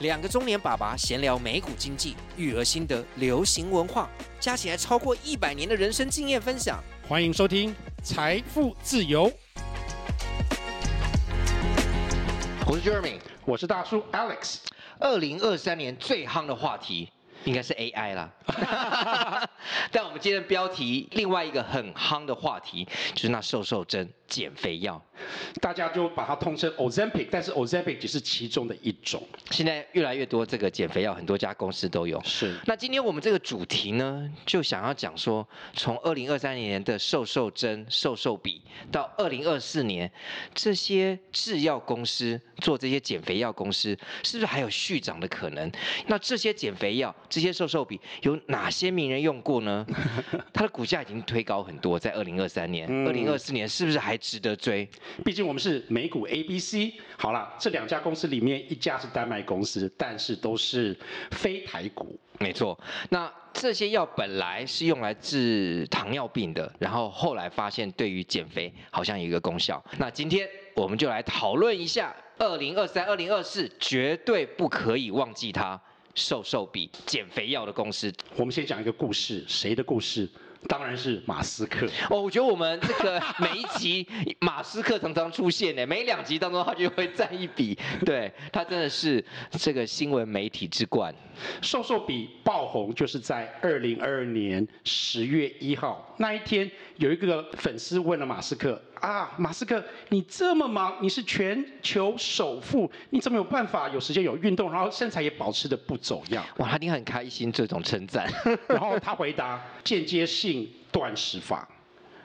兩個中年爸爸閒聊美股、經濟、育兒心得、流行文化，加起來超過一百年的人生經驗分享。歡迎收聽《財富自由》。我是 Jeremy，我是大叔 Alex。二零二三年最夯的話題應該是 AI 啦， 但我們今天的標題另外一個很夯的話題就是那瘦瘦針減肥藥。大家就把它通稱 Ozempic，但是 Ozempic 只是其中的一種。現在越來越多這個減肥藥，很多家公司都有。是。那今天我們這個主題呢，就想要講說，從二零二三年的瘦瘦針、瘦瘦筆，到二零二四年，這些製藥公司做這些減肥藥公司，是不是還有續漲的可能？那這些減肥藥、這些瘦瘦筆，有哪些名人用過呢？ 它的股價已經推高很多，在二零二三年、二零二四年，是不是還值得追？畢竟我們是美股 ABC，好了，這兩家公司裡面一家是丹麥公司，但是都是非台股。沒錯，那這些藥本來是用來治糖尿病的，然後後來發現對於減肥好像有一個功效。那今天我們就來討論一下，二零二三、二零二四絕對不可以忘記它，瘦瘦比減肥藥的公司。我們先講一個故事，誰的故事？當然是馬斯克哦，我覺得我們這個每一集 馬斯克常常出現呢，每兩集當中他就會佔一筆，對，他真的是這個新聞媒體之冠。瘦瘦筆爆紅就是在二零二二年十月一號那一天，有一個粉絲問了馬斯克。啊，馬斯克，你這麼忙，你是全球首富，你怎麼有辦法有時間有運動，然後身材也保持的不走樣？哇，他很開心這種稱讚。 然後他回答：間接性斷食法。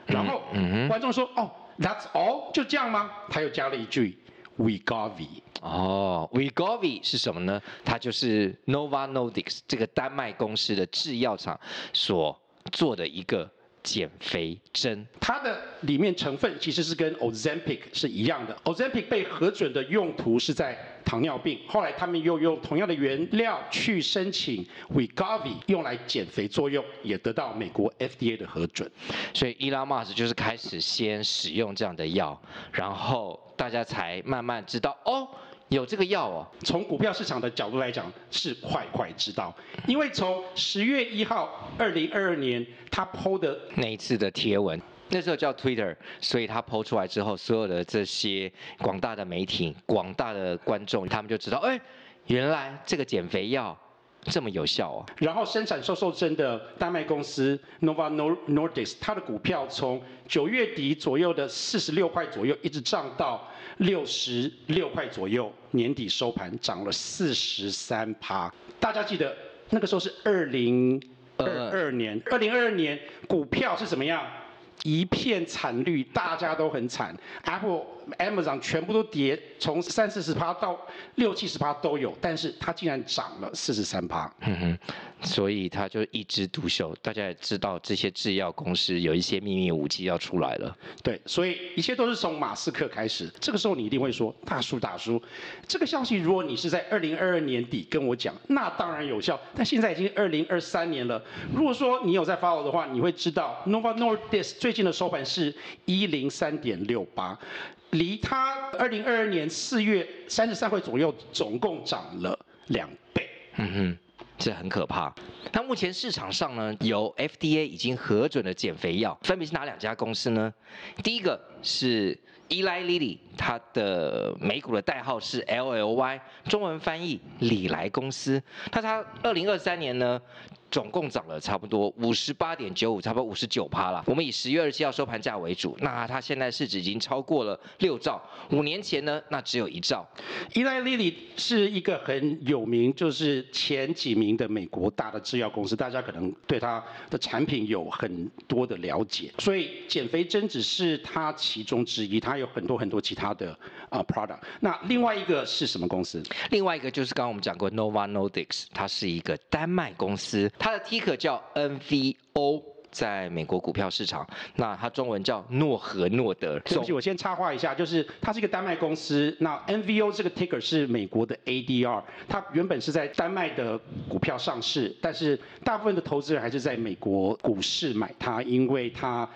嗯、然後、嗯、哼觀眾說：哦，that's all，就這樣嗎？他又加了一句 Wegovy 哦 Wegovy 是什麼呢？它就是、no、Novo Nordisk 這個丹麥公司的制藥廠所做的一個。減肥針，它的裡面成分其實是跟 Ozempic 是一樣的。Ozempic 被核准的用途是在糖尿病，後來他們又用同樣的原料去申請 Wegovy 用來減肥作用，也得到美國 FDA 的核准。所以伊拉馬斯就是開始先使用這樣的藥，然後大家才慢慢知道哦。有這個藥哦，從股票市場的角度來講是快快知道，因為從十月一號二零二二年他 po 的那一次的貼文，那時候叫 Twitter，所以他 po 出來之後，所有的這些廣大的媒體、廣大的觀眾，他們就知道，哎，原來這個減肥藥這麼有效哦。然後生產瘦瘦針的丹麥公司 Novo Nordisk，它的股票從九月底左右的四十六塊左右，一直漲到。六十六塊左右，年底收盤漲了四十三趴。大家記得那個時候是二零二二年，二零二二年股票是怎麼樣？一片慘綠，大家都很慘。Apple，Amazon 全部都跌，從三四十趴到六七十趴都有，但是它竟然漲了四十三趴。嗯哼，所以它就一枝獨秀。大家也知道，這些製藥公司有一些秘密武器要出來了。對，所以一切都是從馬斯克開始。這個時候你一定會說，大叔大叔，這個消息如果你是在二零二二年底跟我講，那當然有效。但現在已經二零二三年了，如果說你有在 follow 的話，你會知道 Novo Nordisk 最近的收盤是一零三點六八。離他二零二二年四月三十三塊左右，總共漲了兩倍。嗯哼，這很可怕。他目前市場上呢，有 FDA 已經核准了減肥藥，分別是哪兩家公司呢？第一個是 Eli Lilly，它的美股的代號是 LLY，中文翻譯禮來公司。那他二零二三年呢？總共漲了差不多五十八點九五，差不多五十九趴了。我們以十月二十七號收盤價為主，那它現在市值已經超過了六兆。五年前呢，那只有一兆。依賴麗麗是一個很有名，就是前幾名的美國大的制藥公司，大家可能對它的產品有很多的了解。所以減肥針只是它其中之一，它有很多很多其他的。啊、uh，product。那另外一個是什麼公司？另外一個就是剛剛我們講過、no、Novo Nordisk，它是一個丹麥公司，它的 ticker 叫 NVO。在美國股票市場，那它中文叫諾和諾德。對不起，我先插話一下，就是它是一個丹麥公司。那 NVO 這個 ticker 是美國的 ADR，它原本是在丹麥的股票上市，但是大部分的投資人還是在美國股市買它，因為它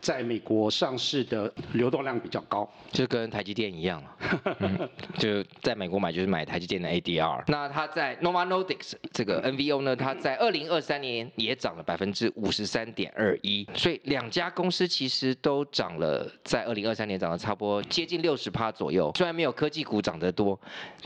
在美國上市的流動量比較高，就跟台積電一樣了、啊 嗯。就在美國買，就是買台積電的 ADR。 那它在 Novo Nordisk 這個 NVO 呢，它在二零二三年也漲了百分之五十三點二一，所以兩家公司其實都漲了，在二零二三年漲了差不多接近六十趴左右。雖然沒有科技股漲得多，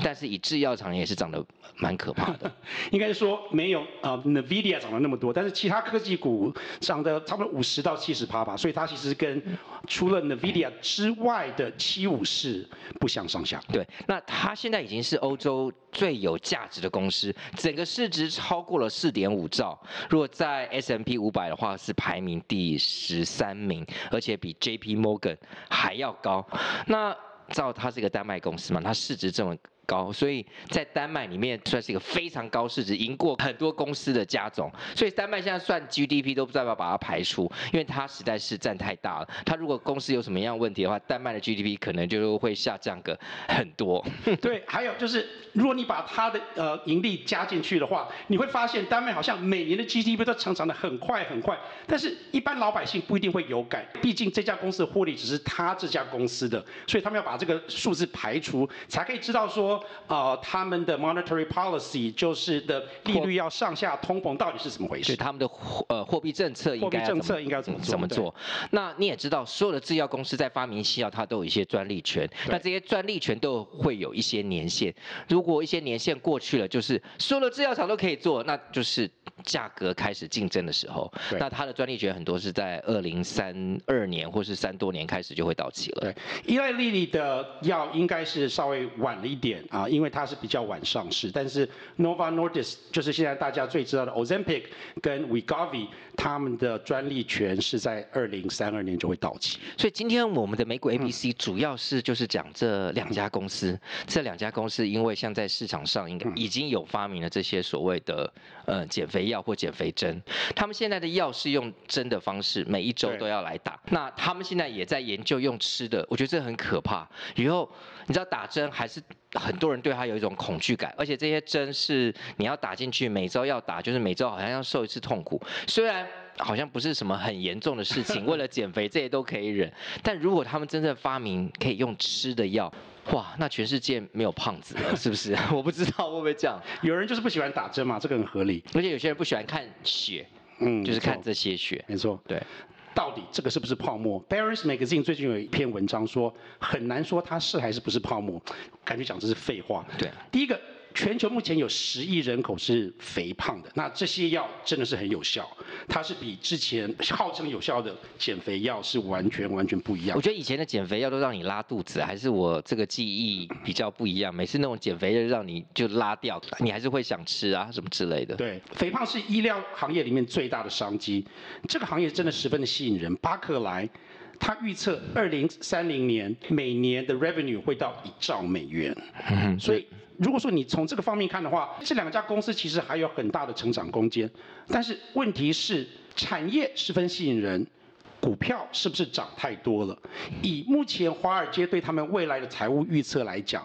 但是以制藥廠也是漲得蠻可怕的。應該是說沒有啊，Nvidia 漲了那麼多，但是其他科技股漲得差不多五十到七十趴吧。所以它其實跟除了 Nvidia 之外的七武士不相上下。對，那它現在已經是歐洲。最有價值的公司，整個市值超過了四點五兆。如果在 S&P 五百的話，是排名第十三名，而且比 J P Morgan 還要高。那照它這個丹麥公司嘛，它市值這麼高，所以在丹麥裡面算是一個非常高市值，贏過很多公司的加總，所以丹麥現在算 GDP 都不知道要把它排除，因為它實在是佔太大了。它如果公司有什麼樣的問題的話，丹麥的 GDP 可能就會下降個很多。對，還有就是，如果你把它的呃盈利加進去的話，你會發現丹麥好像每年的 GDP 都成長得很快很快，但是一般老百姓不一定會有感，畢竟這家公司的獲利只是他這家公司的，所以他們要把這個數字排除，才可以知道說。呃，他們的 monetary policy 就是的利率要上下通膨，到底是怎麼回事？他們的貨呃貨幣政策，應該，怎麼，應該怎麼做對、嗯？怎麼做？那你也知道，所有的製藥公司在發明西藥，它都有一些專利權。對那這些專利權都會有一些年限。如果一些年限過去了，就是所有的製藥廠都可以做，那就是。價格開始競爭的時候，Right. 那它的專利權很多是在二零三二年或是三多年開始就會到期了。對，Right. Eli Lilly 的藥應該是稍微晚了一點啊，因為它是比較晚上市，但是 Novo Nordisk 就是現在大家最知道的 Ozempic 跟 Wegovy 他們的專利權是在二零三二年就會到期，所以今天我們的美股 ABC 主要是就是講這兩家公司，嗯、這兩家公司因為像在市場上應該已經有發明了這些所謂的呃減肥藥或減肥針，他們現在的藥是用針的方式，每一周都要來打，對那他們現在也在研究用吃的，我覺得這很可怕，以後你知道打針還是？很多人對他有一種恐懼感，而且這些針是你要打進去，每周要打，就是每周好像要受一次痛苦。雖然好像不是什麼很嚴重的事情，為了減肥這些都可以忍。但如果他們真正發明可以用吃的藥，哇，那全世界沒有胖子了，是不是？ 我不知道會不會這樣。有人就是不喜歡打針嘛，這個很合理。而且有些人不喜歡看血，嗯，就是看這些血，沒錯錯，對。到底這個是不是泡沫？《Barron's Magazine》最近有一篇文章說，很難說它是還是不是泡沫，感覺講這是廢話。對啊，第一個。全球目前有十億人口是肥胖的，那這些藥真的是很有效，它是比之前號稱有效的減肥藥是完全完全不一樣。我覺得以前的減肥藥都讓你拉肚子，還是我這個記憶比較不一樣。每次那種減肥藥讓你就拉掉，你還是會想吃啊什麼之類的。對，肥胖是醫療行業裡面最大的商機，這個行業真的十分的吸引人。巴克萊他預測二零三零年每年的 revenue 會到一兆美元，嗯、所以。所以如果說你從這個方面看的話，這兩家公司其實還有很大的成長空間，但是問題是產業十分吸引人，股票是不是漲太多了？以目前華爾街對他們未來的財務預測來講，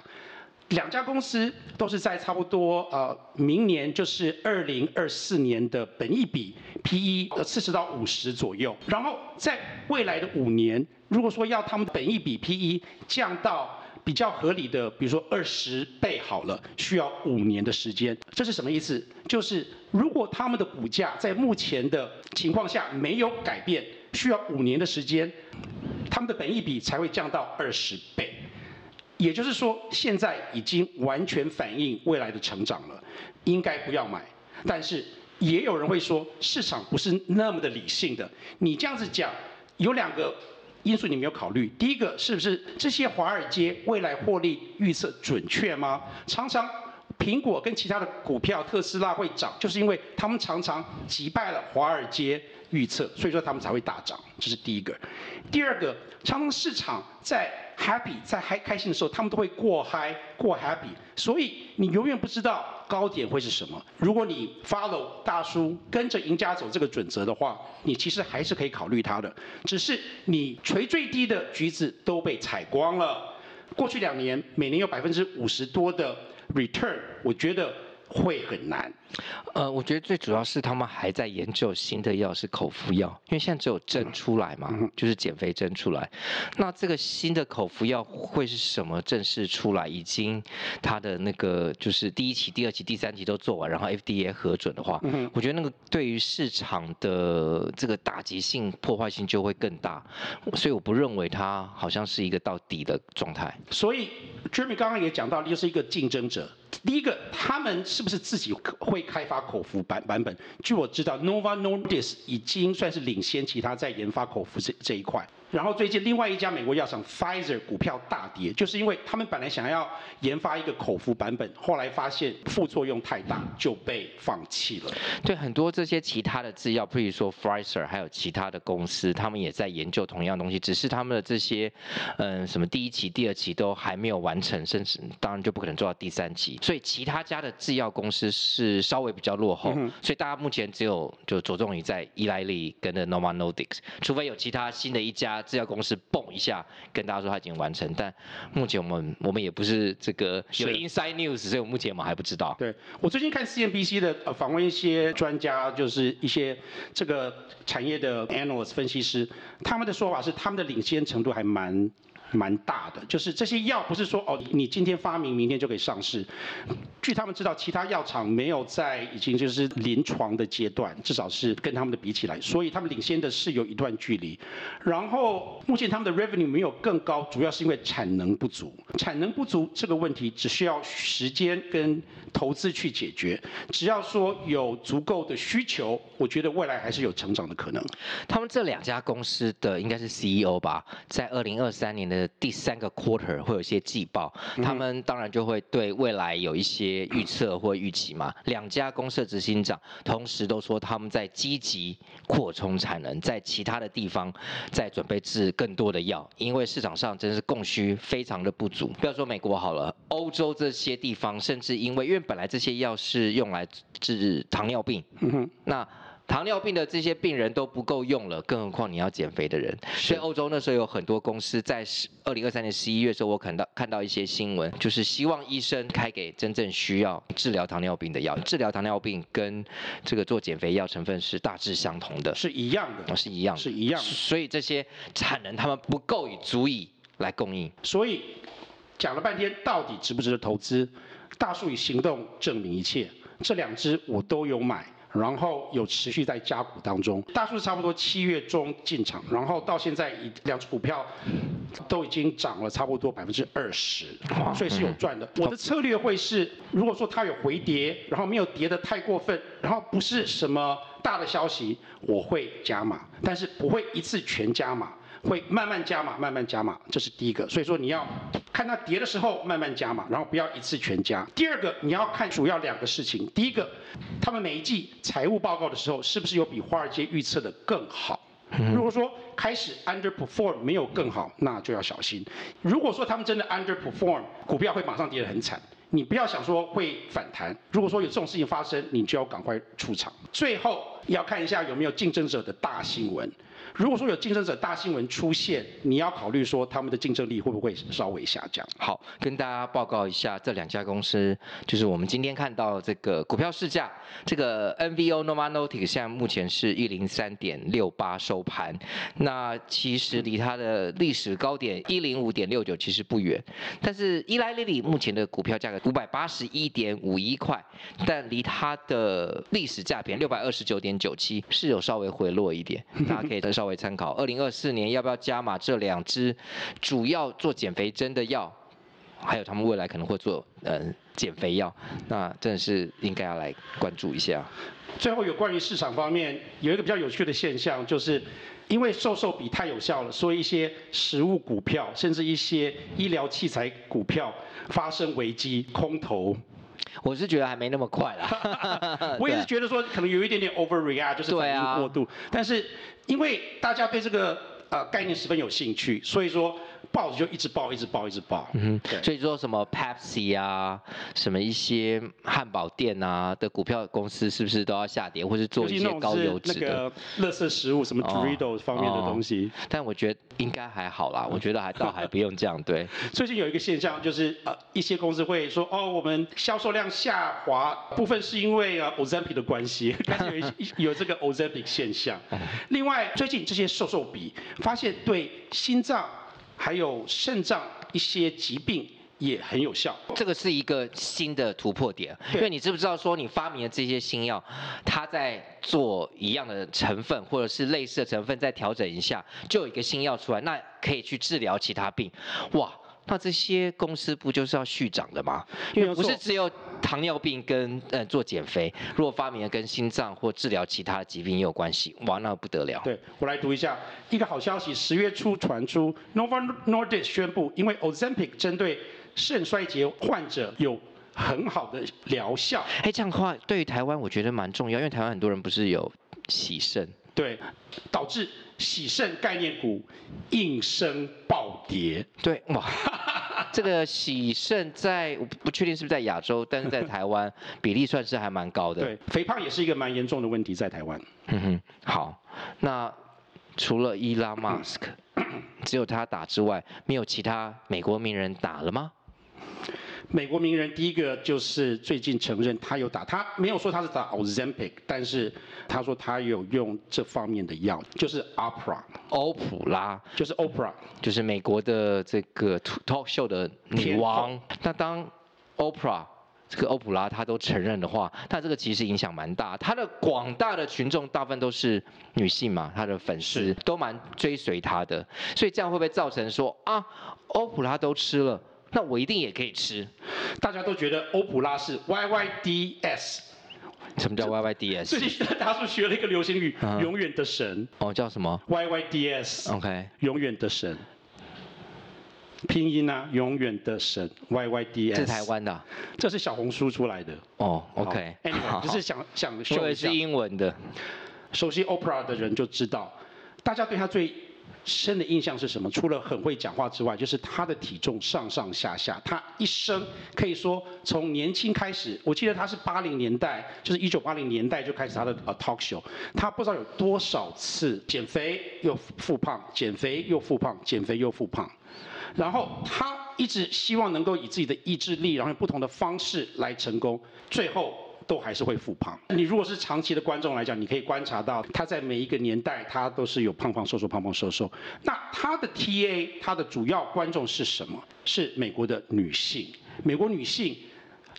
兩家公司都是在差不多呃明年就是二零二四年的本益比 P/E 呃四十到五十左右，然後在未來的五年，如果說要他們本益比 P/E 降到比較合理的，比如說二十倍好了，需要五年的時間，這是什麼意思？就是如果他們的股價在目前的情況下沒有改變，需要五年的時間，他們的本益比才會降到二十倍，也就是說現在已經完全反映未來的成長了，應該不要買。但是也有人會說，市場不是那麼的理性的，你這樣子講有兩個。因素你沒有考慮，第一個是不是這些華爾街未來獲利預測準確嗎？常常蘋果跟其他的股票，特斯拉會漲，就是因為他們常常擊敗了華爾街預測，所以說他們才會大漲。這是第一個，第二個，常常市場在 happy，在嗨開心的時候，他們都會過嗨過 happy，所以你永遠不知道。高點會是什麼？如果你 follow 大叔，跟着贏家走這個準則的話，你其實還是可以考慮它的，只是你垂最低的橘子都被採光了。過去兩年，每年有百分之五十多的 return，我覺得會很難。呃，我覺得最主要是他們還在研究新的藥，是口服藥，因為現在只有針出來嘛，嗯、就是減肥針出來。那這個新的口服藥會是什麼正式出來？已經他的那個就是第一期、第二期、第三期都做完，然後 FDA 核准的話，嗯、哼我覺得那個對於市場的這個打擊性、破壞性就會更大。所以我不認為它好像是一個到底的狀態。所以 Jeremy 剛剛也講到你就是一個競爭者。第一個，他們是不是自己會？開發口服版版本，據我知道，Novo Nordisk 已經算是領先其他在研發口服這這一塊。然後最近另外一家美國藥廠 Pfizer 股票大跌，就是因為他們本來想要研發一個口服版本，後來發現副作用太大，就被放棄了。對，很多這些其他的製藥，譬如說 Pfizer，還有其他的公司，他們也在研究同樣東西，只是他們的這些，嗯，什麼第一期、第二期都還沒有完成，甚至當然就不可能做到第三期。所以其他家的製藥公司是稍微比較落後，嗯、哼所以大家目前只有就着重於在伊萊利跟的 Novo Nordisk，除非有其他新的一家。這家公司蹦一下，跟大家說他已經完成，但目前我們我們也不是這個是有 inside news，所以我目前我們還不知道。對，我最近看 CNBC 的訪問一些專家，就是一些這個產業的 analyst 分析師，他們的說法是他們的領先程度還蠻。蠻大的，就是這些藥不是說哦，你今天發明，明天就可以上市。據他們知道，其他藥廠沒有在已經就是臨床的階段，至少是跟他們的比起來，所以他們領先的是有一段距離。然後目前他們的 revenue 沒有更高，主要是因為產能不足。產能不足這個問題只需要時間跟投資去解決。只要說有足夠的需求，我覺得未來還是有成長的可能。他們這兩家公司的應該是 CEO 吧，在二零二三年的第三個 quarter 會有一些季報，他們當然就會對未來有一些預測或預期嘛。兩家公司執行長同時都說他們在積極擴充產能，在其他的地方在準備製更多的藥，因為市場上真是供需非常的不足。不要說美國好了，歐洲這些地方甚至因為因為本來這些藥是用來治糖尿病，那、mm。Hmm. 糖尿病的這些病人都不夠用了，更何況你要減肥的人。是所以歐洲那時候有很多公司在二零二三年十一月的時候，我看到看到一些新聞，就是希望醫生開給真正需要治療糖尿病的藥。治療糖尿病跟這個做減肥藥成分是大致相同的，是一樣的，是一樣的，是一樣的。所以這些產能他們不夠以足以來供應。所以講了半天，到底值不值得投資？大叔以行動證明一切，這兩支我都有買。然後有持續在加股當中，大數差不多七月中進場，然後到現在已兩支股票都已經漲了差不多百分之二十，所以是有賺的。我的策略會是，如果說它有回跌，然後沒有跌得太過分，然後不是什麼大的消息，我會加碼，但是不會一次全加碼。會慢慢加碼，慢慢加碼，這是第一個。所以說你要看它跌的時候慢慢加碼，然後不要一次全加。第二個，你要看主要兩個事情。第一個，他們每一季財務報告的時候，是不是有比華爾街預測的更好？嗯。如果說開始 underperform 沒有更好，那就要小心。如果說他們真的 underperform，股票會馬上跌得很慘。你不要想說會反彈。如果說有這種事情發生，你就要趕快出場。最後，你要看一下有沒有競爭者的大新聞。如果說有競爭者大新聞出現，你要考慮說他們的競爭力會不會稍微下降？好，跟大家報告一下這兩家公司，就是我們今天看到這個股票市價，這個 NVO Novo Nordisk 現在目前是一零三點六八收盤，那其實離它的歷史高點一零五點六九其實不遠，但是伊萊莉莉目前的股票價格五百八十一點五一塊，但離它的歷史價點六百二十九點九七是有稍微回落一點， 大家可以再稍。作為參考，二零二四年要不要加碼這兩支主要做減肥針的藥，還有他們未來可能會做呃減肥藥，那真的是應該要來關注一下。最後有關於市場方面，有一個比較有趣的現象，就是因為瘦瘦筆太有效了，所以一些食物股票甚至一些醫療器材股票發生危機空投。我是覺得還沒那麼快啦， 我也是覺得說可能有一點點 overreact，就是反應過度，啊，但是。因為大家對這個呃概念十分有興趣，所以說。爆就一直爆，一直爆，一直爆。嗯哼，對所以說什麼 Pepsi 啊，什麼一些漢堡店啊的股票公司，是不是都要下跌，或是做一些高油脂的、垃圾食物，對什麼 Dorito 方面的東西？哦、但我覺得應該還好啦，我覺得還倒還不用這樣。對，最近有一個現象，就是呃一些公司會說，哦，我們銷售量下滑部分是因為啊 Ozempic 的關係，開始有一 有這個 Ozempic 現象。 另外，最近這些瘦瘦筆發現對心臟。還有腎臟一些疾病也很有效，這個是一個新的突破點。因為你知不知道說，你發明的這些新藥，它在做一樣的成分或者是類似的成分，再調整一下，就有一個新藥出來，那可以去治療其他病，哇！那這些公司不就是要續漲的嗎？因為不是只有糖尿病跟呃做減肥，如果發明了跟心臟或治療其他疾病也有關係，哇，那不得了。對，我來讀一下一個好消息，十月初傳出 Novo Nordisk 宣布，因為 Ozempic 針對腎衰竭患者有很好的療效。哎，這樣的話對於台灣我覺得蠻重要，因為台灣很多人不是有洗腎？對，導致洗腎概念股應聲暴跌。對，哇。這個喜盛在，我不確定是不是在亞洲，但是在台灣比例算是還蠻高的。對，肥胖也是一個蠻嚴重的問題，在台灣。嗯哼，好，那除了伊隆馬斯克，只有他打之外，沒有其他美國名人打了嗎？美國名人第一個就是最近承認他有打。他沒有說他是打 Ozempic，但是他說他有用這方面的藥，就是 Oprah，歐普拉，就是 Oprah，就是美國的這個 talk show 的女王。王那當 Oprah 這個歐普拉她都承認的話，她這個其實影響蠻大。她的廣大的群眾大部分都是女性嘛，她的粉絲是都蠻追隨她的，所以這樣會不會造成說啊，歐普拉都吃了？那我一定也可以吃。大家都覺得歐普拉是 Y Y D S。什麼叫 Y Y D S？最近大叔是學了一個流行語？嗯、永遠的神。哦，叫什麼？Y Y D S okay。OK，永遠的神。拼音呢、啊？永遠的神 Y Y D S。這是台灣的、啊？這是小紅書出來的。哦、oh，OK。Anyway，不好是想想學一下。是英文的，熟悉 Oprah 的人就知道，大家對她最深的印象是什麼？除了很會講話之外，就是他的體重上上下下。他一生可以說從年輕開始，我記得他是八零年代，就是一九八零年代就開始他的 talk show。他不知道有多少次減肥又復胖，減肥又復胖，減肥又復胖，減肥又復胖，然後他一直希望能夠以自己的意志力，然後不同的方式來成功，最後。都還是會復胖。你如果是長期的觀眾來講，你可以觀察到，他在每一個年代，他都是有胖胖瘦瘦、胖胖瘦瘦。那他的 TA，他的主要觀眾是什麼？是美國的女性。美國女性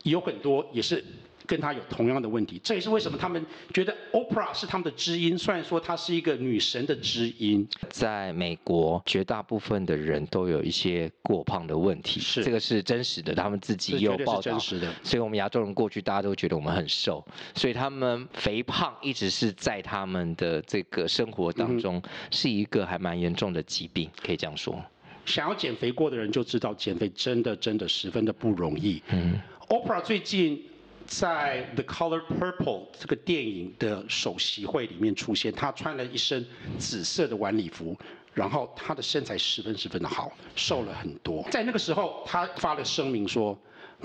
有很多也是。跟他有同樣的問題，這也是為什麼他們覺得 Oprah 是他們的知音。雖然說她是一個女神的知音，在美國，絕大部分的人都有一些過胖的問題，是這個是真實的，他們自己也有報道。是，是的。所以，我們亞洲人過去大家都覺得我們很瘦，所以他們肥胖一直是在他們的這個生活當中，嗯，是一個還蠻嚴重的疾病，可以這樣說。想要減肥過的人就知道，減肥真的真的十分的不容易。嗯，Oprah 最近。在《The Color Purple》這個電影的首席會裡面出現，他穿了一身紫色的晚禮服，然後他的身材十分十分的好，瘦了很多。在那個時候，他發了聲明說，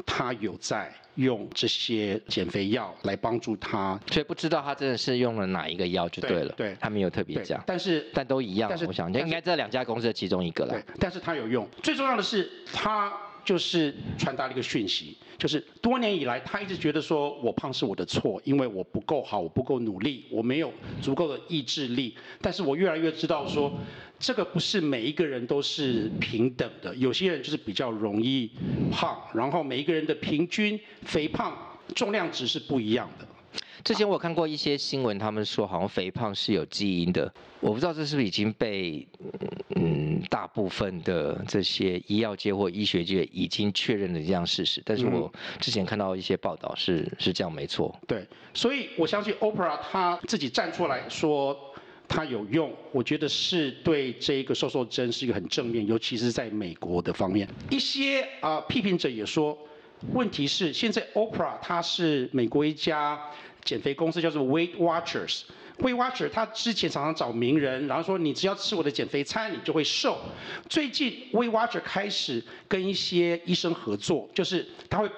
他有在用這些減肥藥來幫助他，所以不知道他真的是用了哪一個藥就對了。對，對他沒有特別講。但是，但都一樣，但是我想應該這兩家公司的其中一個了。對，但是他有用。最重要的是他。就是傳達了一個訊息，就是多年以來他一直覺得說，我胖是我的錯，因為我不夠好，我不夠努力，我沒有足夠的意志力。但是我越來越知道說，這個不是每一個人都是平等的，有些人就是比較容易胖，然後每一個人的平均肥胖重量值是不一樣的。之前我看過一些新聞，他們說好像肥胖是有基因的，我不知道這是不是已經被嗯。大部分的這些醫藥界或醫學界已經確認了這樣事實，但是我之前看到一些報道是、嗯、是這樣沒錯。對，所以我相信 Oprah 他自己站出來說它有用，我覺得是對這個瘦瘦針是一個很正面，尤其是在美國的方面。一些啊、呃、批評者也說，問題是現在 Oprah 它是美國一家減肥公司叫做、就是、Weight Watchers。Watch ers, Weight Watcher 他之前常常找名人，然後說你只要吃我的減肥餐，你就會瘦。最近 Weight Watcher 開始跟一些醫生合作，就是他會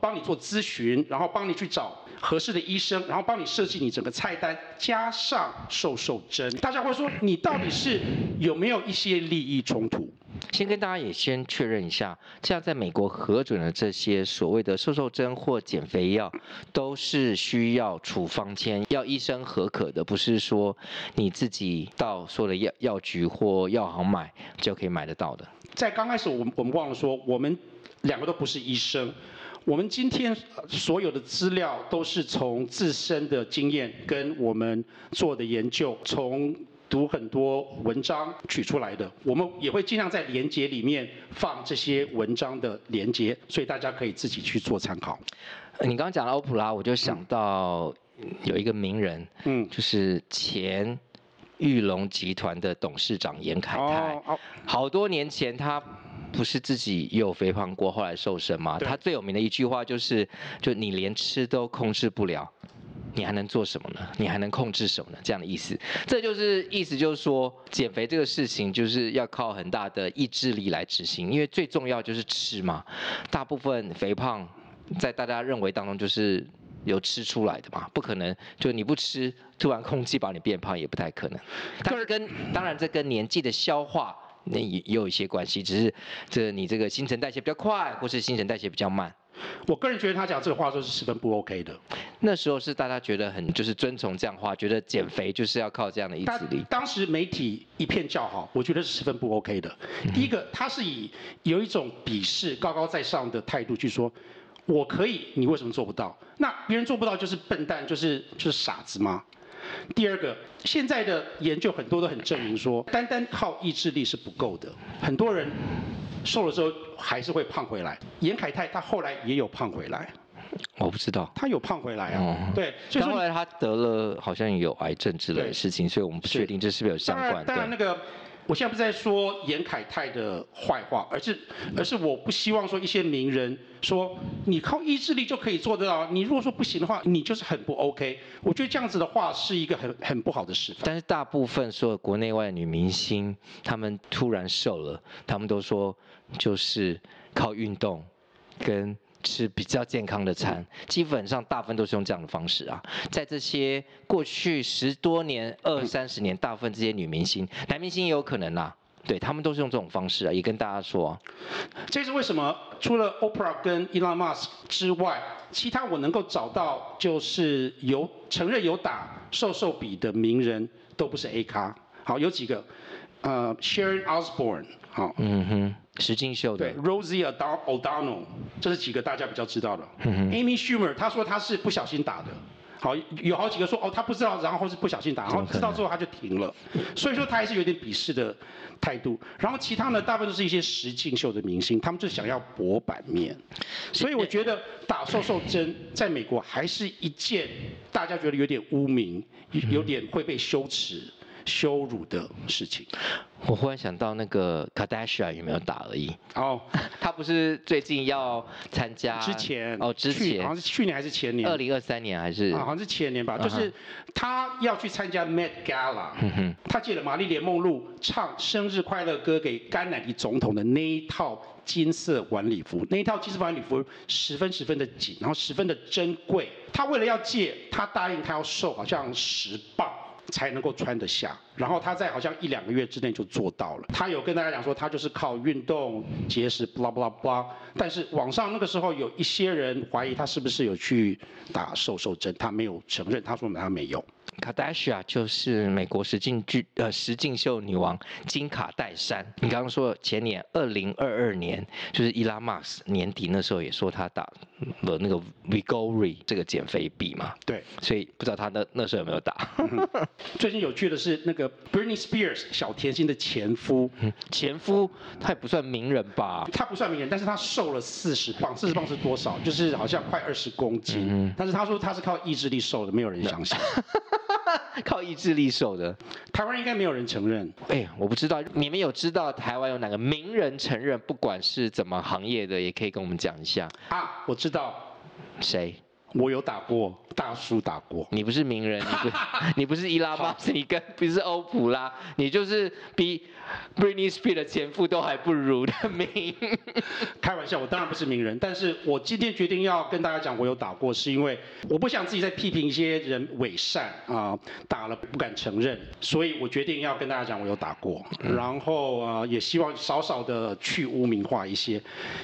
幫你做諮詢，然後幫你去找合適的醫生，然後幫你設計你整個菜單，加上瘦瘦針。大家會說你到底是有沒有一些利益衝突？先跟大家也先確認一下，現在在美國核准的這些所謂的瘦瘦針或減肥藥，都是需要處方箋。要醫生核可的，不是說你自己到所有的藥藥局或藥行買就可以買得到的。在剛開始，我我們忘了說，我們兩個都不是醫生，我們今天所有的資料都是從自身的經驗跟我們做的研究，從。讀很多文章取出來的，我們也會盡量在連結裡面放這些文章的連結，所以大家可以自己去做參考。你剛剛講了歐普拉，我就想到有一個名人，嗯，嗯，就是前裕隆集團的董事長嚴凱泰。哦哦、好多年前他不是自己也有肥胖過，後來瘦身嗎？對他最有名的一句話就是：就你連吃都控制不了。你還能做什麼呢？你還能控制什麼呢？這樣的意思，這就是意思，就是說減肥這個事情就是要靠很大的意志力來執行，因為最重要就是吃嘛。大部分肥胖在大家認為當中就是有吃出來的嘛，不可能，就是你不吃，突然空氣把你變胖也不太可能。但是跟當然這跟年紀的消化那也有一些關係，只是這你這個新陳代謝比較快，或是新陳代謝比較慢。我個人覺得他講這個話術是十分不 OK 的。那時候是大家覺得很就是遵從這樣話，覺得減肥就是要靠這樣的意志力。當時媒體一片叫好，我覺得是十分不 OK 的。第一個，他是以有一種鄙視、高高在上的態度去說，我可以，你為什麼做不到？那別人做不到就是笨蛋，就是就是傻子嗎？第二個，現在的研究很多都很證明說，單單靠意志力是不夠的，很多人。瘦了之後還是會胖回來。嚴凱泰他後來也有胖回來，我不知道。他有胖回來啊，嗯、對。所以後來他得了好像有癌症之類的事情，對所以我們不確定這是不是有相關的。當然，當然那個。我現在不是在說嚴凱泰的壞話，而是而是我不希望說一些名人說你靠意志力就可以做得到，你如果說不行的話，你就是很不 OK。我覺得這樣子的話是一個很很不好的示範，但是大部分說的國內外的女明星，她們突然瘦了，她們都說就是靠運動跟。吃比較健康的餐，基本上大部分都是用這樣的方式啊。在這些過去十多年、二三十年，大部分這些女明星、男明星也有可能啦、啊。對，他們都是用這種方式啊。也跟大家說、啊，這是為什麼？除了 Oprah 跟 Elon Musk 之外，其他我能夠找到就是有承認有打瘦瘦比的名人都不是 A 咖。好，有幾個，呃，Sharon Osbourne 好。嗯哼。實境秀的對 Rosie O'Donnell，這是幾個大家比較知道的。嗯、哼 Amy Schumer，他說他是不小心打的。好，有好幾個說哦，他不知道，然後是不小心打，然後知道之後他就停了。所以說他還是有點鄙視的態度。然後其他呢，大部分都是一些實境秀的明星，他們就想要博版面。是所以我覺得打瘦瘦針在美國還是一件大家覺得有點污名，有點會被羞恥。嗯羞辱的事情，我忽然想到那個卡 a r 有沒有打而已。哦，oh, 他不是最近要參加？之前哦，之前好像是去年還是前年，二零二三年還是？啊，好像是前年吧。Uh huh. 就是他要去參加 Met Gala，uh huh. 他借了瑪麗蓮夢露唱生日快樂歌給甘乃迪總統的那一套金色晚禮服，那一套金色晚禮服，服十分十分的緊，然後十分的珍貴。他為了要借，他答應他要瘦，好像十磅。才能夠穿得下，然後他在好像一兩個月之內就做到了。他有跟大家講說，他就是靠運動、節食，bla bla bla。但是網上那個時候有一些人懷疑他是不是有去打瘦瘦針，他沒有承認，他說他沒有。卡戴珊，就是美國實境劇，呃，實境秀女王金卡戴珊。你剛剛說，前年二零二二年，就是伊拉馬斯年底那時候也說她打了那個 Wegovy 這個減肥筆嘛？對，所以不知道她那那時候有沒有打。 最近有趣的是那個 Britney Spears 小甜心的前夫，前夫他也不算名人吧？他不算名人，但是他瘦了四十磅，四十磅是多少？就是好像快二十公斤，嗯嗯，但是他說他是靠意志力瘦的，沒有人相信。 靠意志力瘦的，台灣應該沒有人承認。哎、欸，我不知道，你們有知道台灣有哪個名人承認，不管是怎麼行業的，也可以跟我們講一下啊。我知道，誰？我有打過，大叔打過。你不是名人，你不是 你不是伊拉巴，斯 你跟不是歐普拉，你就是比 BRINITY s p e a 皮的前夫都還不如的名。開玩笑，我當然不是名人，但是我今天決定要跟大家講我有打過，是因為我不想自己在批評一些人偽善啊、呃，打了不敢承認，所以我決定要跟大家講我有打過。嗯、然後啊、呃，也希望少少的去污名化一些。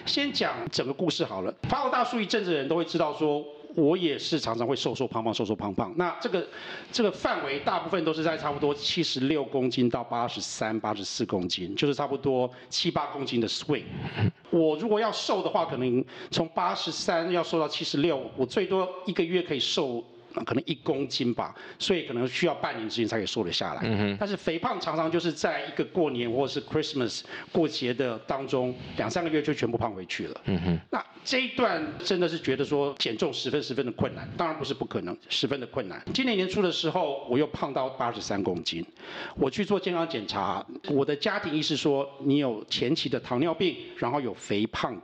先講整個故事好了發 o 大叔一陣子的人都會知道說。我也是常常會瘦瘦胖胖，瘦瘦胖胖，胖胖。那這個這個範圍大部分都是在差不多七十六公斤到八十三、八十四公斤，就是差不多七八公斤的 swing。我如果要瘦的話，可能從八十三要瘦到七十六，我最多一個月可以瘦。可能一公斤吧，所以可能需要半年時間才可以瘦得下來。嗯、哼但是肥胖常常就是在一個過年或者是 Christmas 過節的當中，兩三個月就全部胖回去了。嗯、哼那這一段真的是覺得說減重十分十分的困難，當然不是不可能，十分的困難。今年年初的時候，我又胖到八十三公斤，我去做健康檢查，我的家庭醫師說，你有前期的糖尿病，然後有肥胖。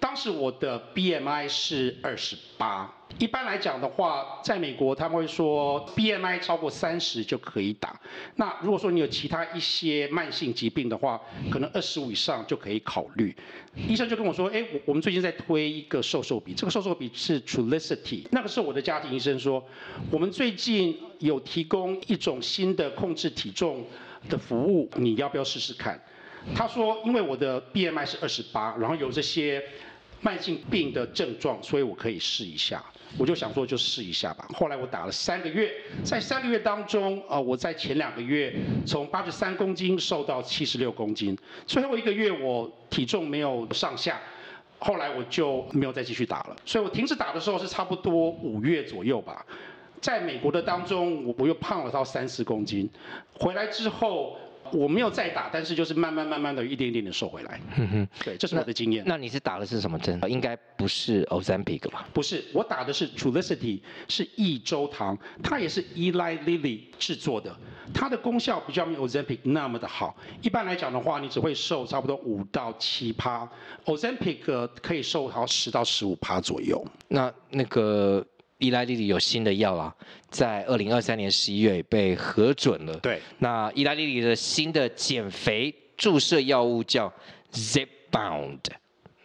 當時我的 B M I 是二十八，一般來講的話，在美國他們會說，B M I 超過三十就可以打。那如果說你有其他一些慢性疾病的話，可能二十五以上就可以考慮。醫生就跟我說，哎，我我們最近在推一個瘦瘦筆，這個瘦瘦筆是 Trulicity。那個時候我的家庭醫生說，我們最近有提供一種新的控制體重的服務，你要不要試試看？他說：“因為我的 BMI 是二十八，然後有這些慢性病的症狀，所以我可以試一下。”我就想說就試一下吧。後來我打了三個月，在三個月當中，呃，我在前兩個月從八十三公斤瘦到七十六公斤，最後一個月我體重沒有上下。後來我就沒有再繼續打了。所以我停止打的時候是差不多五月左右吧。在美國的當中，我我又胖了到三十公斤。回來之後。我沒有再打，但是就是慢慢慢慢的，一點一點的瘦回來。呵呵對，這是我的經驗。那你是打的是什麼針？應該不是 Ozempic 吧？不是，我打的是 Trulicity，是易週糖，它也是 Eli Lilly 製作的，它的功效比較沒有 Ozempic 那麼的好。一般來講的話，你只會瘦差不多五到七趴，Ozempic 可以瘦到十到十五趴左右。那那個。Eli Lilly，有新的藥啊，在二零二三年十一月被核准了。對，那 Eli Lilly 的新的減肥注射藥物叫 Zepbound，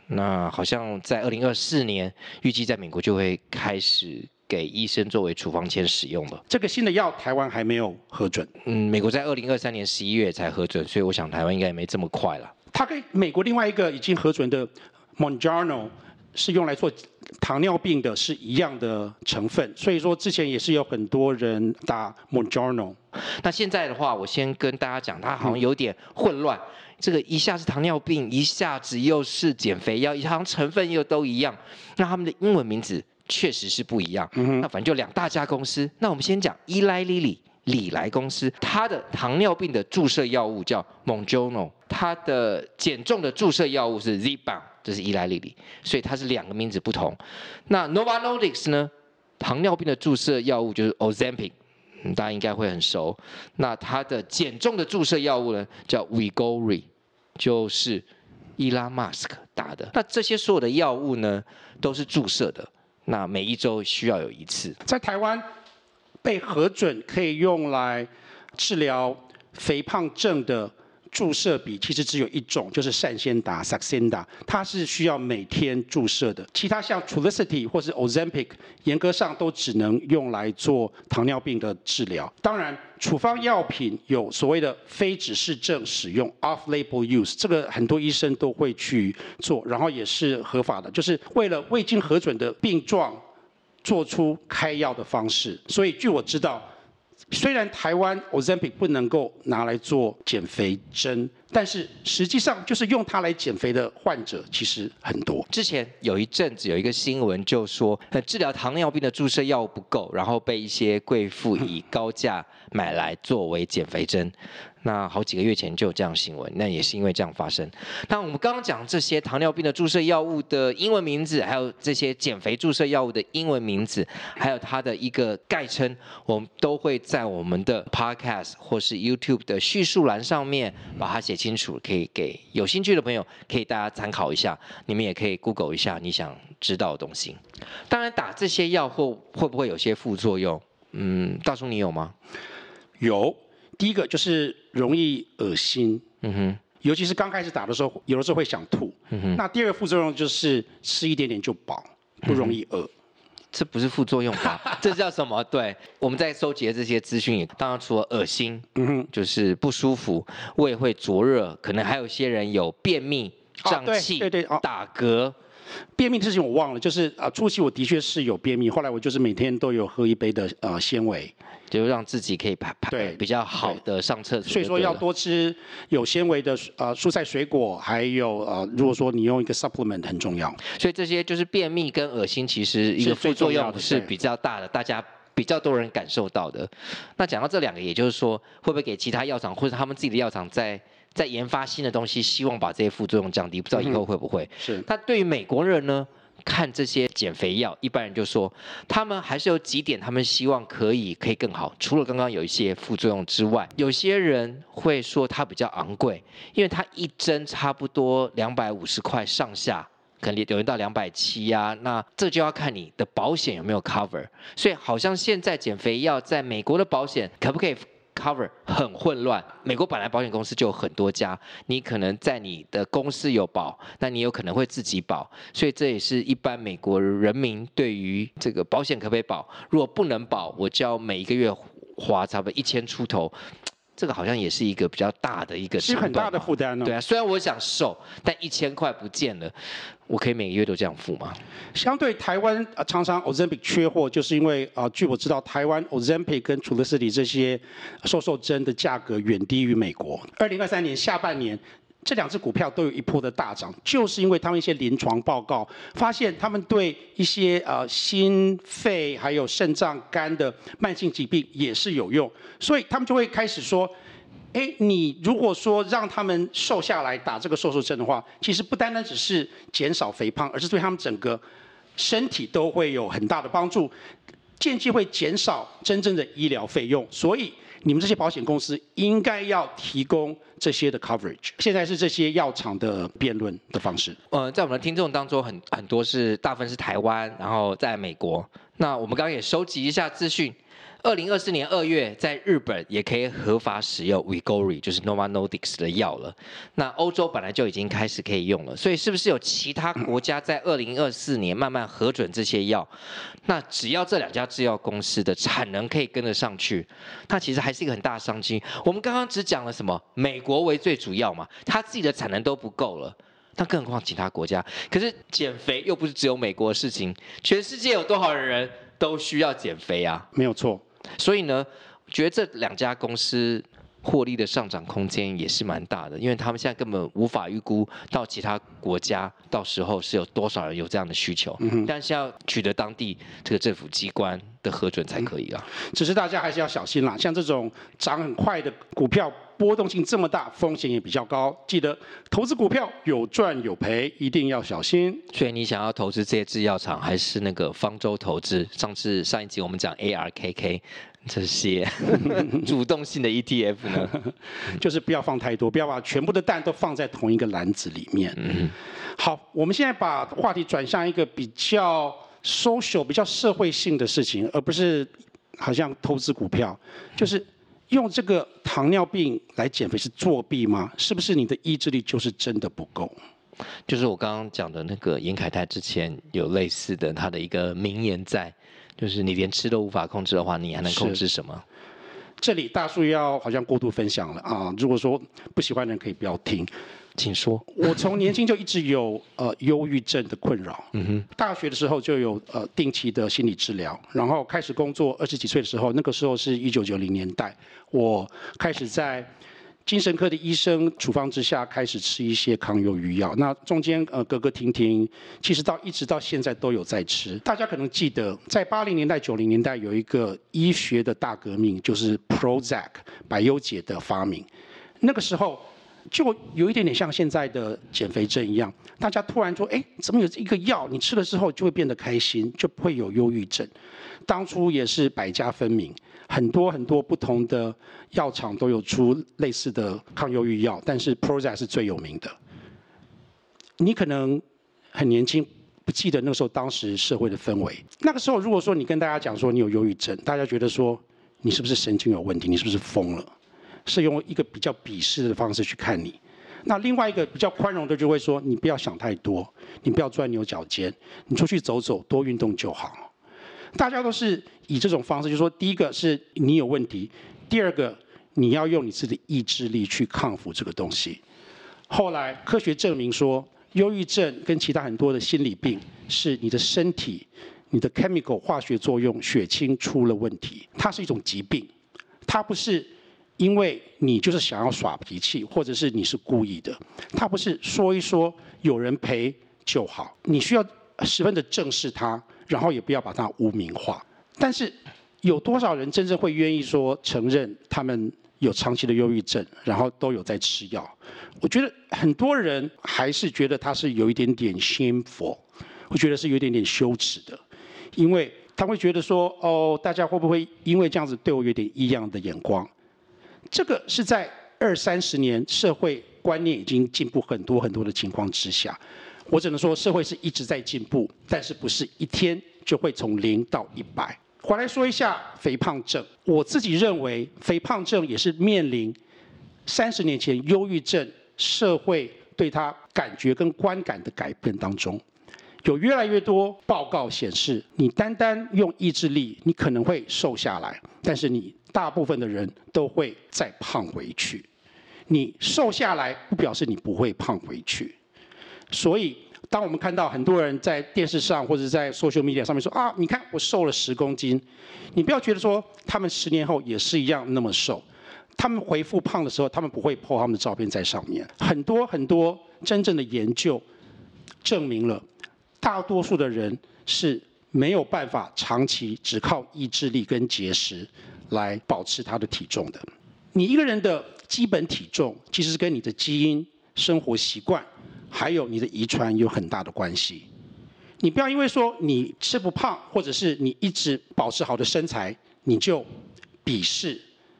那好像在二零二四年預計在美國就會開始給醫生作為處方箋使用了。這個新的藥台灣還沒有核准。嗯，美國在二零二三年十一月才核准，所以我想台灣應該也沒這麼快了。它跟美國另外一個已經核准的 Mounjaro，是用來做糖尿病的，是一樣的成分，所以說之前也是有很多人打 Mounjaro。那現在的話，我先跟大家講，它好像有點混亂，嗯、這個一下子糖尿病，一下子又是減肥藥，好像成分又都一樣。那他們的英文名字確實是不一樣。嗯、哼那反正就兩大家公司。那我們先講 Eli Lilly 禮來公司，它的糖尿病的注射藥物叫 Mounjaro 它的減重的注射藥物是 Zepbound 這是伊萊莉莉，所以它是兩個名字不同。那 Novo Nordisk 呢，糖尿病的注射藥物就是 Ozempic，大家應該會很熟。那它的減重的注射藥物呢，叫 Wegovy 就是 Elon Musk 打的。那這些所有的藥物呢，都是注射的，那每一周需要有一次。在台灣被核准可以用來治療肥胖症的。注射筆其實只有一種，就是善纖達 （Saxenda），它是需要每天注射的。其他像 Trulicity 或是 Ozempic，嚴格上都只能用來做糖尿病的治療。當然，處方藥品有所謂的非指示症使用 （off-label use），這個很多醫生都會去做，然後也是合法的，就是為了未經核准的病狀做出開藥的方式。所以，據我知道。雖然台灣 Ozempic 不能夠拿來做減肥針，但是實際上，就是用它來減肥的患者其實很多。之前有一陣子有一個新聞，就說那治療糖尿病的注射藥物不夠，然後被一些貴婦以高價買來作為減肥針。那好幾個月前就有這樣新聞，那也是因為這樣發生。那我們剛剛講這些糖尿病的注射藥物的英文名字，還有這些減肥注射藥物的英文名字，還有它的一個概稱，我們都會在我們的 Podcast 或是 YouTube 的敘述欄上面把它寫。清楚，可以給有興趣的朋友可以大家參考一下，你們也可以 Google 一下你想知道的東西。當然，打這些藥會會不會有些副作用？嗯，大叔你有嗎？有，第一個就是容易噁心，嗯哼，尤其是剛開始打的時候，有的時候會想吐。嗯、哼那第二個副作用就是吃一點點就飽，不容易餓。嗯這不是副作用吧？ 這叫什麼？對，我們在收集的這些資訊，也當然除了噁心，嗯、哼就是不舒服，胃會灼熱，可能還有些人有便秘、脹氣、哦對對哦、打嗝。便秘的事情我忘了，就是啊初期我的確是有便秘，後來我就是每天都有喝一杯的呃纖維，就讓自己可以排對比較好的上廁所。所以說要多吃有纖維的呃蔬菜水果，還有呃如果說你用一個 supplement 很重要。所以這些就是便秘跟噁心其實一個副作用是比較大的，的大家比較多人感受到的。那講到這兩個，也就是說會不會給其他藥廠或者他們自己的藥廠在？在研發新的東西，希望把這些副作用降低，不知道以後會不會。嗯、是。他對於美國人呢？看這些減肥藥，一般人就說，他們還是有幾點，他們希望可以可以更好。除了剛剛有一些副作用之外，有些人會說它比較昂貴，因為它一針差不多兩百五十塊上下，可能有一到兩百七啊。那這就要看你的保險有沒有 cover。所以好像現在減肥藥在美國的保險可不可以？Cover 很混亂，美國本來保險公司就有很多家，你可能在你的公司有保，但你有可能會自己保，所以這也是一般美國人民對於這個保險可不可以保，如果不能保，我就要每一個月花差不多一千出頭。這個好像也是一個比較大的一個，是很大的負擔呢。對啊，雖然我想瘦，但一千塊不見了，我可以每個月都這樣付嗎？相對台灣，啊，常常 Ozempic 缺貨，就是因為啊，據我知道，台灣 Ozempic 跟 Trulicity 這些瘦瘦針的價格遠低於美國。二零二三年下半年。這兩隻股票都有一波的大漲，就是因為他們一些臨床報告發現，他們對一些呃心肺還有腎臟肝的慢性疾病也是有用，所以他們就會開始說，哎，你如果說讓他們瘦下來打這個瘦瘦針的話，其實不單單只是減少肥胖，而是對他們整個身體都會有很大的幫助，間接會減少真正的醫療費用，所以。你們這些保險公司應該要提供這些的 coverage。現在是這些藥廠的辯論的方式。呃，在我們的聽眾當中很，很多是，大部分是台灣，然後在美國。那我們剛剛也收集一下資訊。二零二四年二月，在日本也可以合法使用 Wegovy，就是 Novo Nordisk 的藥了。那歐洲本來就已經開始可以用了，所以是不是有其他國家在二零二四年慢慢核准這些藥？那只要這兩家製藥公司的產能可以跟得上去，那其實還是一個很大的商機。我們剛剛只講了什麼？美國為最主要嘛，它自己的產能都不夠了，那更何況其他國家？可是減肥又不是只有美國的事情，全世界有多少人都需要減肥啊？沒有錯。所以呢，覺得這兩家公司獲利的上漲空間也是蠻大的，因為他們現在根本無法預估到其他國家到時候是有多少人有這樣的需求，嗯哼。但是要取得當地這個政府機關的核准才可以啊。只是大家還是要小心啦，像這種漲很快的股票。波動性這麼大，風險也比較高。記得投資股票有賺有賠，一定要小心。所以你想要投資這些製藥廠，還是那個方舟投資？上次上一集我們講 ARKK 這些 主動性的 ETF 呢， 就是不要放太多，不要把全部的蛋都放在同一個籃子裡面。好，我們現在把話題轉向一個比較 social、比較社會性的事情，而不是好像投資股票，就是。用這個糖尿病來減肥是作弊嗎？是不是你的意志力就是真的不夠？就是我剛剛講的那個嚴凱泰之前有類似的他的一個名言在，就是你連吃都無法控制的話，你還能控制什麼？這裡大叔要好像過度分享了啊！如果說不喜歡的人可以不要聽。請說。我從年輕就一直有呃憂鬱症的困擾，大學的時候就有呃定期的心理治療，然後開始工作二十幾歲的時候，那個時候是一九九零年代，我開始在精神科的醫生處方之下開始吃一些抗憂鬱藥。那中間呃隔隔停停，其實到一直到現在都有在吃。大家可能記得，在八零年代九零年代有一個醫學的大革命，就是 Prozac 百憂解的發明，那個時候。就有一點點像現在的減肥症一樣，大家突然說：“哎、欸，怎麼有一個藥？你吃了之後就會變得開心，就不會有憂鬱症。”當初也是百家爭鳴，很多很多不同的藥廠都有出類似的抗憂鬱藥，但是 Prozac 是最有名的。你可能很年輕，不記得那個時候當時社會的氛圍。那個時候，如果說你跟大家講說你有憂鬱症，大家覺得說你是不是神經有問題？你是不是瘋了？是用一個比較鄙視的方式去看你，那另外一個比較寬容的就會說：你不要想太多，你不要鑽牛角尖，你出去走走，多運動就好。大家都是以這種方式，就是說：第一個是你有問題，第二個你要用你自己的意志力去克服這個東西。後來科學證明說，憂鬱症跟其他很多的心理病是你的身體、你的 chemical 化學作用、血清出了問題，它是一種疾病，它不是。因為你就是想要耍脾氣，或者是你是故意的。他不是說一說有人陪就好，你需要十分的正視他，然後也不要把他污名化。但是有多少人真正會願意說承認他們有長期的憂鬱症，然後都有在吃藥？我覺得很多人還是覺得他是有一點點 shameful，我覺得是有一點點羞恥的，因為他會覺得說，哦，大家會不會因為這樣子對我有點異樣的眼光？這個是在二三十年社會觀念已經進步很多很多的情況之下，我只能說社會是一直在進步，但是不是一天就會從零到一百。回來說一下肥胖症，我自己認為肥胖症也是面臨三十年前憂鬱症，社會對他感覺跟觀感的改變當中，有越來越多報告顯示，你單單用意志力，你可能會瘦下來，但是你，大部分的人都會再胖回去。你瘦下來不表示你不會胖回去，所以當我們看到很多人在電視上或者在 social media 上面說：“啊，你看我瘦了十公斤。”你不要覺得說他們十年後也是一樣那麼瘦。他們回復胖的時候，他們不會 PO 他們的照片在上面。很多很多真正的研究證明了，大多數的人是沒有辦法長期只靠意志力跟節食。來保持他的體重的。你一個人的基本體重其實是跟你的基因、生活習慣，還有你的遺傳有很大的關係。你不要因為說你吃不胖，或者是你一直保持好的身材，你就鄙視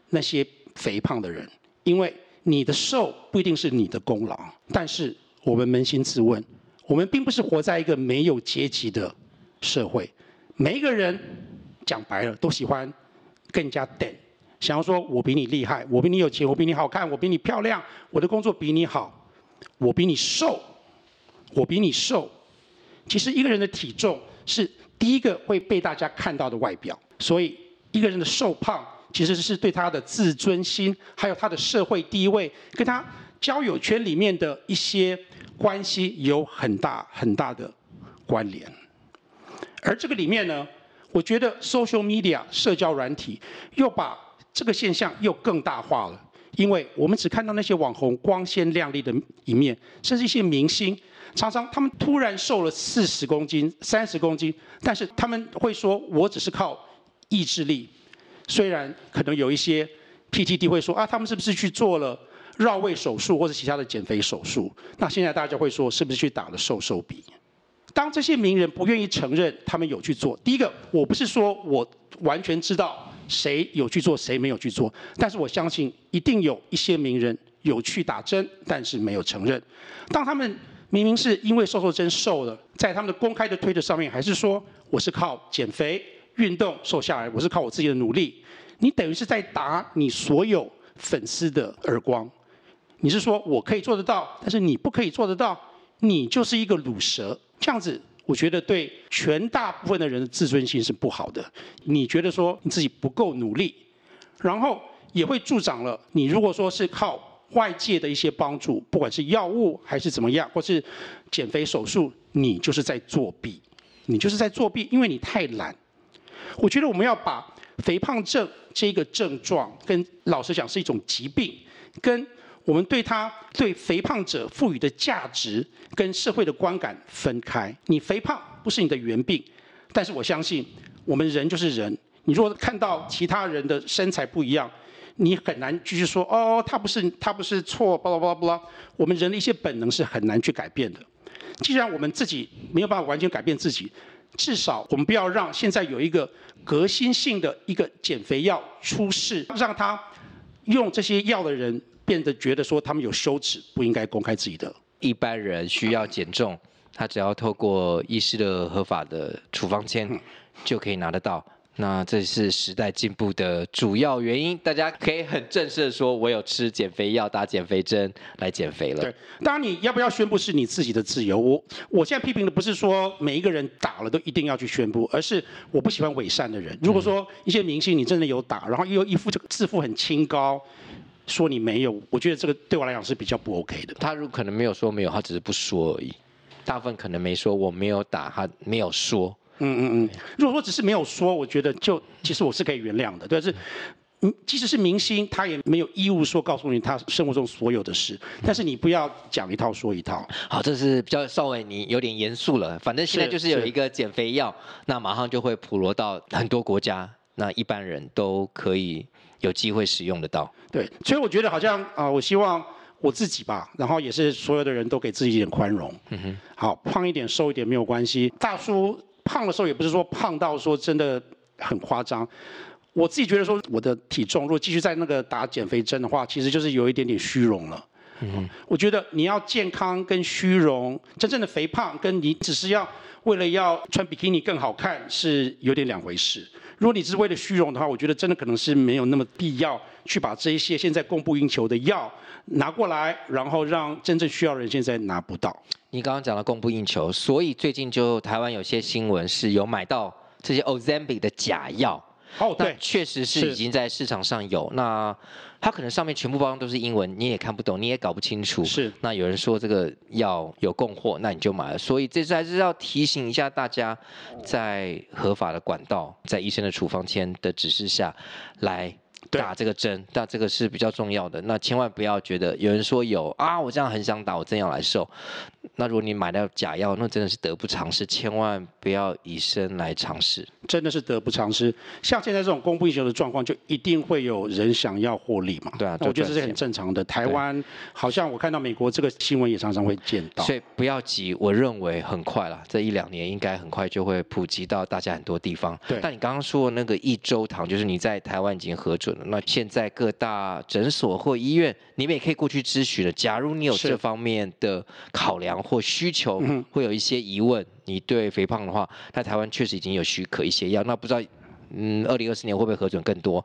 那些肥胖的人。因為你的瘦不一定是你的功勞。但是我們捫心自問，我們並不是活在一個沒有階級的社會。每一個人講白了都喜歡。更加等，想要說我比你厲害，我比你有錢，我比你好看，我比你漂亮，我的工作比你好，我比你瘦，我比你瘦。其實一個人的體重是第一個會被大家看到的外表，所以一個人的瘦胖其實是對他的自尊心，還有他的社會地位，跟他交友圈裡面的一些關係有很大很大的關聯。而這個裡面呢，我覺得 social media 社交軟體又把這個現象又更大化了，因為我們只看到那些網紅光鮮亮麗的一面，甚至一些明星，常常他們突然瘦了四十公斤，三十公斤，但是他們會說：“我只是靠意志力。”雖然可能有一些 PTT 會說：“啊，他們是不是去做了繞胃手術或者其他的減肥手術？”那現在大家會說：“是不是去打了瘦瘦筆？”當這些名人不願意承認他們有去做，第一個，我不是說我完全知道誰有去做，誰沒有去做，但是我相信一定有一些名人有去打針，但是沒有承認。當他們明明是因為瘦瘦針瘦了，在他們的公開的推特上面還是說我是靠減肥、運動瘦下來，我是靠我自己的努力，你等於是在打你所有粉絲的耳光。你是說我可以做得到，但是你不可以做得到。你就是一個魯蛇，這樣子，我覺得對全大部分的人的自尊心是不好的。你覺得說你自己不夠努力，然後也會助長了你。如果說是靠外界的一些幫助，不管是藥物還是怎麼樣，或是減肥手術，你就是在作弊，你就是在作弊，因為你太懶。我覺得我們要把肥胖症這個症狀跟老實講是一種疾病，跟。我們對他對肥胖者賦予的價值跟社會的觀感分開。你肥胖不是你的原病，但是我相信我們人就是人。你如果看到其他人的身材不一樣，你很難繼續說哦，他不是他不是錯，巴拉巴拉巴拉。我們人的一些本能是很難去改變的。既然我們自己沒有辦法完全改變自己，至少我們不要讓現在有一個革新性的一個減肥藥出世，讓他用這些藥的人變得覺得說他們有羞恥，不應該公開自己的。一般人需要減重，他只要透過醫師的合法的處方簽就可以拿得到。那這是時代進步的主要原因。大家可以很正式的說，我有吃減肥藥、打減肥針來減肥了。對，當然你要不要宣布是你自己的自由。我我現在批評的不是說每一個人打了都一定要去宣布，而是我不喜歡偽善的人。如果說一些明星你真的有打，然後又有一副這個自負很清高，說你沒有，我覺得這個對我來講是比較不 OK 的。他如果可能沒有說沒有，他只是不說而已。大部分可能沒說我沒有打，他沒有說。嗯嗯嗯。對如果說只是沒有說，我覺得就其實我是可以原諒的。但是，即使是明星，他也沒有義務說告訴你他生活中所有的事。嗯、但是，你不要講一套說一套。好，這是比較稍微你有點嚴肅了。反正現在就是有一個減肥藥，那馬上就會普羅到很多國家，那一般人都可以有機會使用得到，對，所以我覺得好像啊、呃，我希望我自己吧，然後也是所有的人都給自己一點寬容。嗯哼，好，胖一點，瘦一點沒有關係。大叔胖的時候，也不是說胖到說真的很誇張。我自己覺得說，我的體重如果繼續在那個打減肥針的話，其實就是有一點點虛榮了。嗯哼，我覺得你要健康跟虛榮，真正的肥胖跟你只是要為了要穿比基尼更好看，是有點兩回事。如果你是為了虛榮的話，我覺得真的可能是沒有那麼必要去把這一些現在供不應求的藥拿過來，然後讓真正需要的人現在拿不到。你剛剛講了供不應求，所以最近就台灣有些新聞是有買到這些 Ozempic 的假藥。哦，對，確實是已經在市場上有。是那它可能上面全部包裝都是英文，你也看不懂，你也搞不清楚。是，那有人說這個要有供貨，那你就買了。所以這次還是要提醒一下大家，在合法的管道，在醫生的處方箋的指示下，來，對打這個針，但這個是比較重要的，那千萬不要覺得有人說有啊，我這樣很想打，我真要來瘦。那如果你買到假藥，那真的是得不償失，千萬不要以身來嘗試，真的是得不償失。像現在這種供不應求的狀況，就一定會有人想要獲利嘛。對啊，對我覺得這是很正常的。台灣對好像我看到美國這個新聞也常常會見到，所以不要急，我認為很快了，這一兩年應該很快就會普及到大家很多地方。對，但你剛剛說的那個易週糖，就是你在台灣已經合作。那現在各大診所或醫院，你們也可以過去諮詢的。假如你有這方面的考量、或需求，是會有一些疑問，你對肥胖的話，那台灣確實已經有許可一些藥。那不知道。嗯，二零二四年會不會核准更多？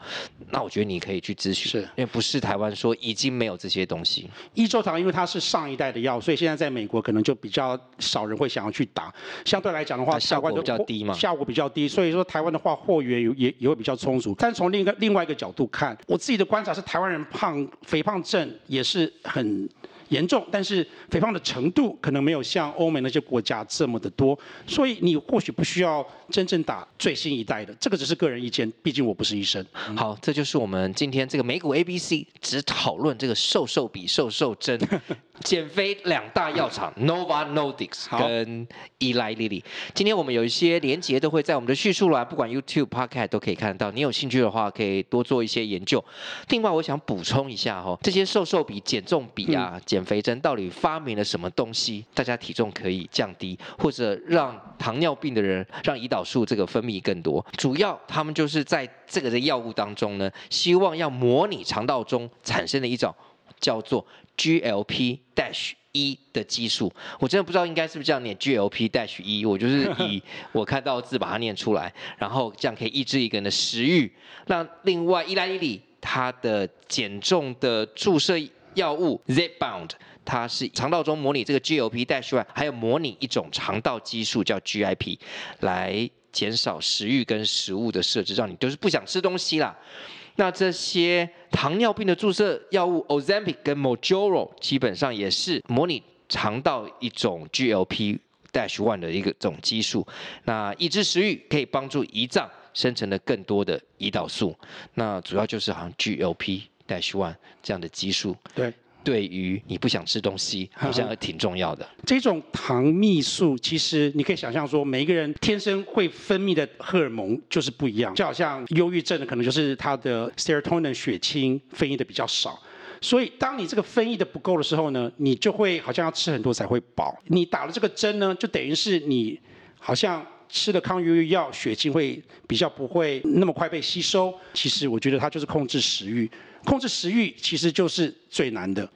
那我覺得你可以去諮詢，是，因為不是台灣說已經沒有這些東西。易週糖因為它是上一代的藥，所以現在在美國可能就比較少人會想要去打。相對來講的話，的啊、效果比較低嘛，效果比較低，所以說台灣的話貨源也也會比較充足。但從另一個另外一個角度看，我自己的觀察是，台灣人胖肥胖症也是很。嚴重，但是肥胖的程度可能沒有像歐美那些國家這麼的多，所以你或許不需要真正打最新一代的。這個只是個人意見，畢竟我不是醫生。好，這就是我們今天這個美股 ABC，只討論這個瘦瘦筆瘦瘦針。 減肥兩大藥廠 Novo Nordisk 跟 Eli Lilly，今天我們有一些連結都會在我們的敘述欄，不管 YouTube、Podcast 都可以看得到。你有興趣的話，可以多做一些研究。另外，我想補充一下哦，這些瘦瘦筆、減重筆啊、嗯、減肥針到底發明了什麼東西，大家體重可以降低，或者讓糖尿病的人讓胰島素這個分泌更多。主要他們就是在這個的藥物當中呢，希望要模擬腸道中產生的一種叫做。GLP-dash 一、e、的激素，我真的不知道應該是不是這樣念 GLP-dash 一，e, 我就是以我看到的字把它念出來，然後這樣可以抑制一個人的食欲。那另外伊，伊拉伊里它的減重的注射藥物 Zepbound，它是腸道中模擬這個 GLP-dash 一，1, 還有模擬一種腸道激素叫 GIP，來減少食欲跟食物的攝取，讓你就是不想吃東西啦。那這些糖尿病的注射藥物 Ozempic 跟 Mounjaro 基本上也是模擬腸道一種 GLP-1 的一個種激素，那抑制食欲，可以幫助胰臟生成了更多的胰島素，那主要就是好像 GLP-1 這樣的激素。對。對於你不想吃東西，好像挺重要的。嗯、這種糖蜜素，其實你可以想象說，每一個人天生會分泌的荷爾蒙就是不一樣。就好像憂鬱症可能就是他的 serotonin 血清分泌的比較少。所以，當你這個分泌的不夠的時候呢，你就會好像要吃很多才會飽。你打了這個針呢，就等於是你好像吃了抗憂鬱藥，血清會比較不會那麼快被吸收。其實，我覺得它就是控制食欲。控制食慾其實就是最難的，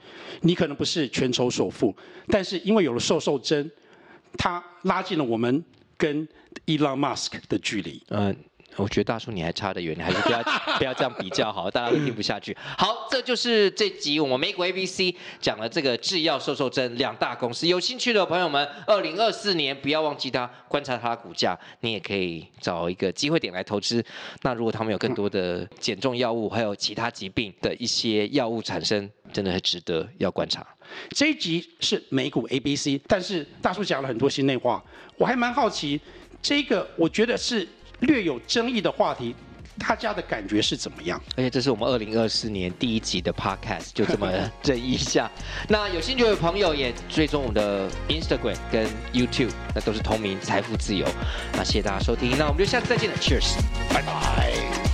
你可能不是全球首富，但是因為有了瘦瘦針，它拉近了我們跟 Elon Musk 的距離。嗯。我覺得大叔你還差得遠，你還是不要不要這樣比較好， 大家都聽不下去。好，這就是這集我們美股 ABC 講了這個制藥瘦瘦針兩大公司，有興趣的朋友們，二零二四年不要忘記它，觀察它的股價，你也可以找一個機會點來投資。那如果他們有更多的減重藥物，還有其他疾病的一些藥物產生，真的是值得要觀察。這一集是美股 ABC，但是大叔講了很多心內話，我還蠻好奇，這個我覺得是。略有爭議的話題，大家的感覺是怎麼樣？而且這是我們二零二四年第一集的 podcast，就這麼爭議一下。 那有興趣的朋友也追蹤我們的 Instagram 跟 YouTube，那都是同名“財父自由”那。那謝謝大家收聽，那我們就下次再見了。Cheers，拜拜。